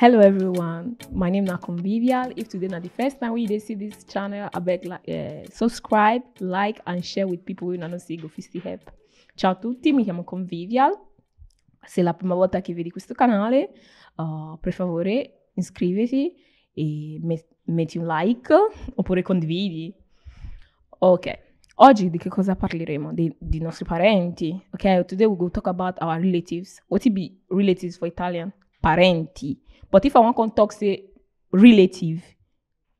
Hello everyone, my name na Convivial. If today na the first time wey you dey see this channel, abeg uh, eh, subscribe, like and share with people who una no see go help. Ciao a tutti, mi chiamo Convivial. Se è la prima volta che vedi questo canale, uh, per favore iscriviti e met- metti un like oppure condividi. Ok, oggi di che cosa parleremo? Dei, di nostri parenti, ok? Today we will talk about our relatives. What would be relatives for Italian? parenti but if i want to talk say relative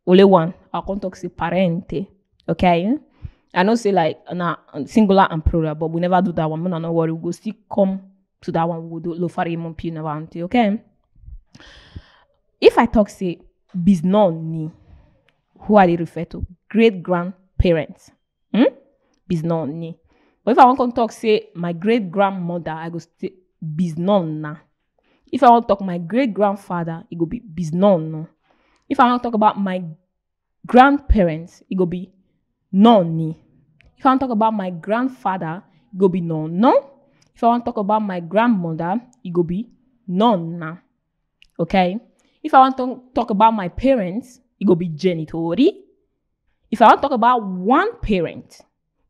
only one i come talk say parente okay i know say like na singular and plural but we never do that one una no worry we go still come to that one we go do lofarimon p navante okay if i talk say biznoni who are they refer to great grandparents hmm? biznoni but if i want to talk say my great grandmother i go say biznonna If I want to talk my great grandfather, it will be bisnon. If I want to talk about my grandparents, it will be nonni. If I want to talk about my grandfather, it will be nonno. If I want to talk about my grandmother, it will be nonna. Okay? If I want to talk about my parents, it will be genitori. If I want to talk about one parent,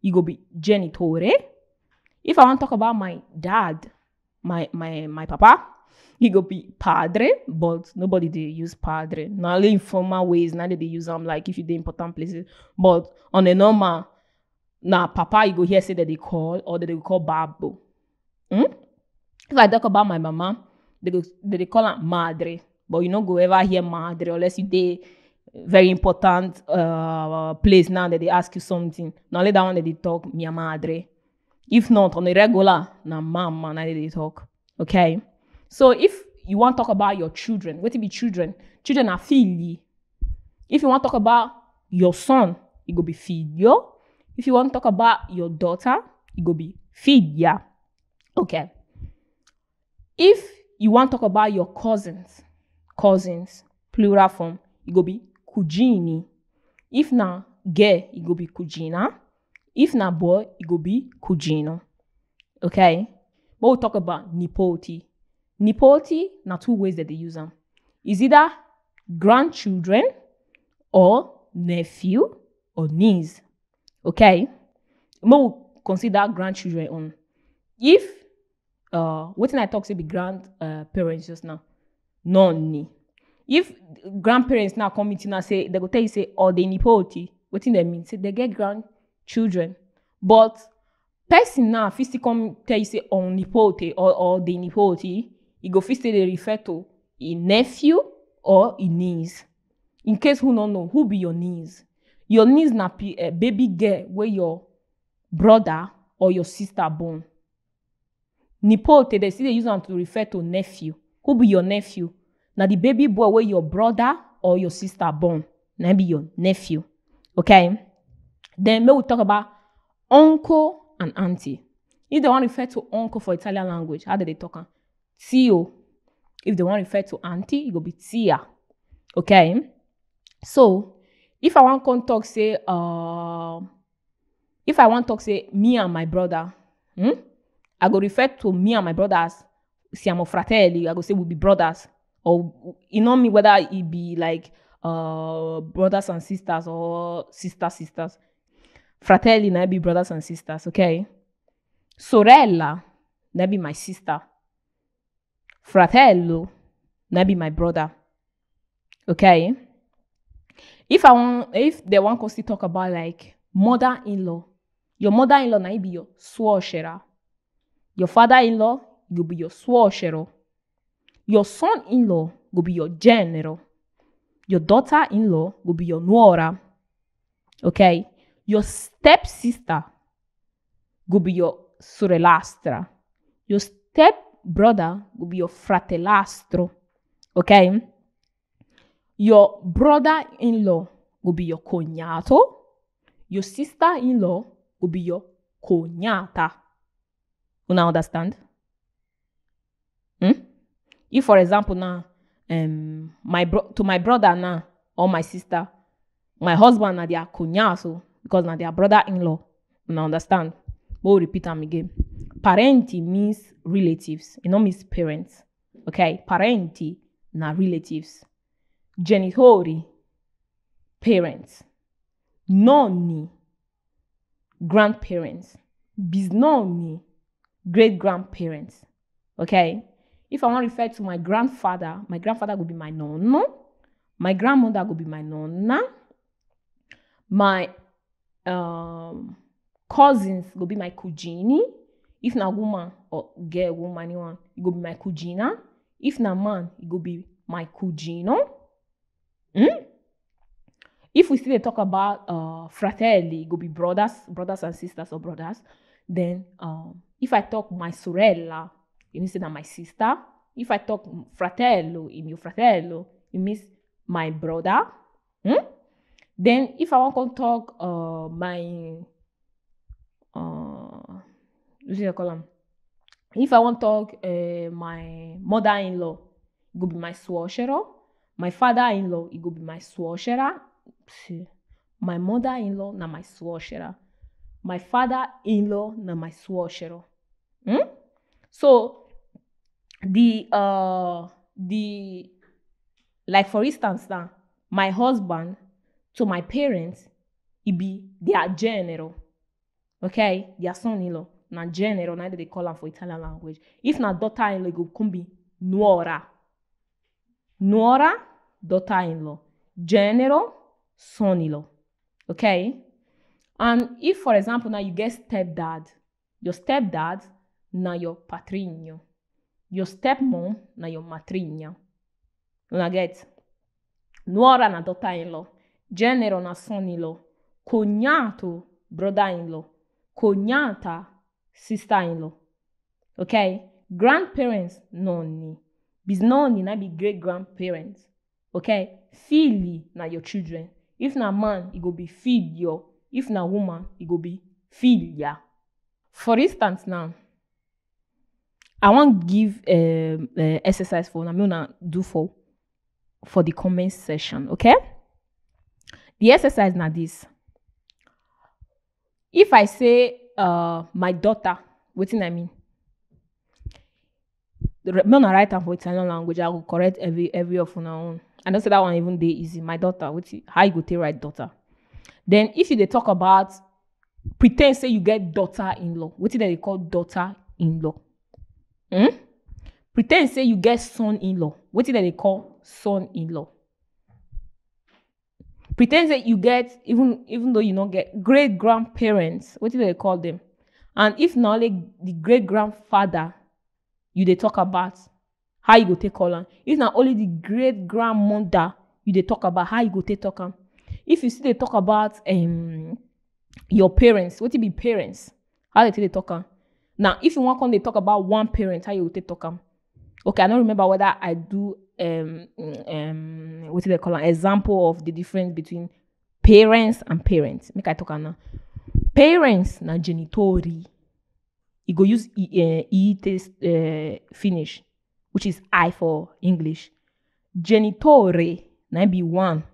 it will be genitore. If I want to talk about my dad, my my my papa, he go be padre, but nobody they use padre. Not only in formal ways, now they use them like if you do important places. But on a normal, now papa you go here say that they call or that they call babo. Hmm? If I talk about my mama, they go they, they call her madre, but you don't go ever hear madre unless you they very important uh, place now that they ask you something. Now let that one that they talk mia madre. If not, on a regular, na mama, now they talk. Okay? So if you want to talk about your children, what it be children? Children are fili. If you want to talk about your son, it go be filio. If you want to talk about your daughter, it go be filia. Okay. If you want to talk about your cousins, cousins, plural form, it go be kujini. If na girl, it go be kujina. If na boy, it go be kujino. Okay? But we'll talk about nipoti. Nipoti, now two ways that they use them is either grandchildren or nephew or niece. Okay? More consider grandchildren on. If uh what I talk say be grandparents uh, just now, none. If grandparents now come meeting and say they go tell you say or oh, they nipoti, what in they mean? Say they get grandchildren. But person now physically come tell you say on oh, nipoti or or oh, they nipoti, You go fit still dey refer to e nephew or e niece in case who no know who be your niece your niece na uh, baby girl wey your brother or your sister born nipote dey still dey use am to refer to nephew who be your nephew na the baby boy wey your brother or your sister born na be your nephew okay then make we talk about uncle and auntie if dem wan refer to uncle for italian language how they dey talk am Tio. If they want to refer to auntie, it will be tia. Okay? So, if I want to talk, say, uh, if I want to talk, say, me and my brother, hmm? I go refer to me and my brothers siamo fratelli. I go say we be brothers. Or, you know me, whether it be like uh, brothers and sisters or sister sisters. Fratelli, na be brothers and sisters, okay? Sorella, na be my sister fratello, maybe my brother. Okay? If I want, if they want us to talk about like mother-in-law, your mother-in-law na be your suocera. Your father-in-law will be your suocero. Your son-in-law will be your genero. Your daughter-in-law will be your nuora. Okay? Your stepsister will be your surelastra. Your step brother will be your fratellastro. Okay? Your brother in law will be your cognato. Your sister in law will be your cognata. You now understand? Hmm? If, for example, now, um, my bro- to my brother now or my sister, my husband and they are cognato because now they are brother in law. You now understand? We'll repeat them again parenti means relatives, it not means parents. Okay, parenti na relatives. Genitori, parents. Nonni, grandparents. Bisnonni, great grandparents. Okay, if I want to refer to my grandfather, my grandfather would be my nonno. My grandmother would be my nonna. My um, cousins would be my cugini. if na woman or girl woman you want e go be my cugina if na man e go be my cugino hmm? if we still dey talk about uh, fratelli e go be brothers brothers and sisters or brothers then um, if i talk my sorella e mean say na my sister if i talk fratello e mean fratello e mean my brother hmm? then if i wan come talk uh, my using your column. If I want to talk uh, my mother-in-law, it could be my suocero. My father-in-law, it could be my suocera. My mother-in-law, na my suocera. My father-in-law, na my suocero. Hmm? So the uh the like for instance now my husband to my parents it be their general okay their son-in-law na genero na they e call am for italian language if na daughter-in-law e go come be nuora nuora daughter-in-law genero son-in-law okay and if for example now you get step dad, your step dad na your patrino, your step mom na your matrigna una get nuora na daughter-in-law genero na son-in-law cognato brother-in-law cognata sister-in-law. Okay? Grandparents, no Bisnoni, na be great-grandparents. Okay? Fili, na your children. If na man, it go be your. If na woman, it go be ya. For instance now, I want give um, uh, exercise for una make una do for for the comment section, okay? The exercise na this. If I say uh, my daughter wetin i mean may una write am for italian language i go correct every every of una own i know say that one even dey easy my daughter wetin how you go take write daughter then if you dey talk about pre ten d say you get daughter in law wetin dem dey call daughter in law hmm? pre ten d say you get son in law wetin dem dey call son in law pretend that you get even even though you don't get great grandparents what do they call them and if na only the great grandfather you they talk about how you go take call on. if na only the great grandmother you they talk about how you go take talk on. if you see they talk about um, your parents what it be parents how they take dey talk on? Now if you wan come dey talk about one parent how you go take talk on? okay i no remember whether i do um, um, what do they call an example of the difference between parents and parents. Make I talk now. Parents na genitori. You e go use e, uh, e taste uh, finish, which is I for English. Genitore na be one.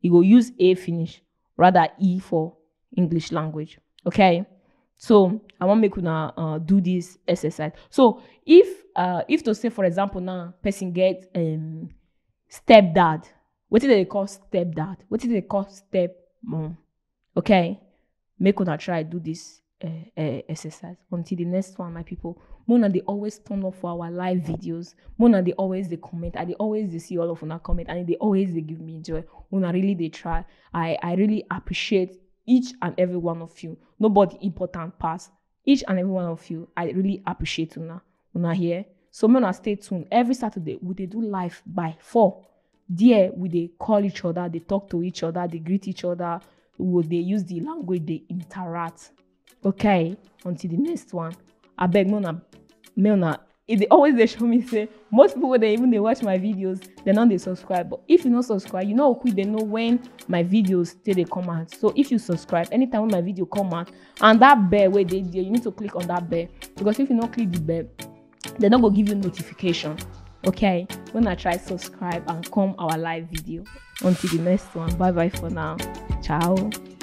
You e go use a finish rather e for English language. Okay. So I want make una uh, do this exercise. So if uh, if to say for example now person get um, stepdad, what do they call stepdad? What What is they call step mom? Okay, make una try do this uh, uh, exercise until the next one, my people. Mona they always turn up for our live videos. Mona they always they comment. I they always they see all of una comment and they always they give me joy. Mona really they try. I I really appreciate each and every one of you. Nobody important pass. Each and every one of you. I really appreciate una. Una here. So men stay tuned. Every Saturday we they do live by four. There we they call each other, they talk to each other, they greet each other. We they use the language, they interact. Okay, until the next one. I beg Mona, Mona it always they show me say most people they even they watch my videos they know they subscribe but if you not subscribe you know quick they know when my videos till they come out so if you subscribe anytime when my video come out and that bell where they there you need to click on that bell because if you not click the bell they're not gonna give you notification okay when i try subscribe and come our live video until the next one bye bye for now ciao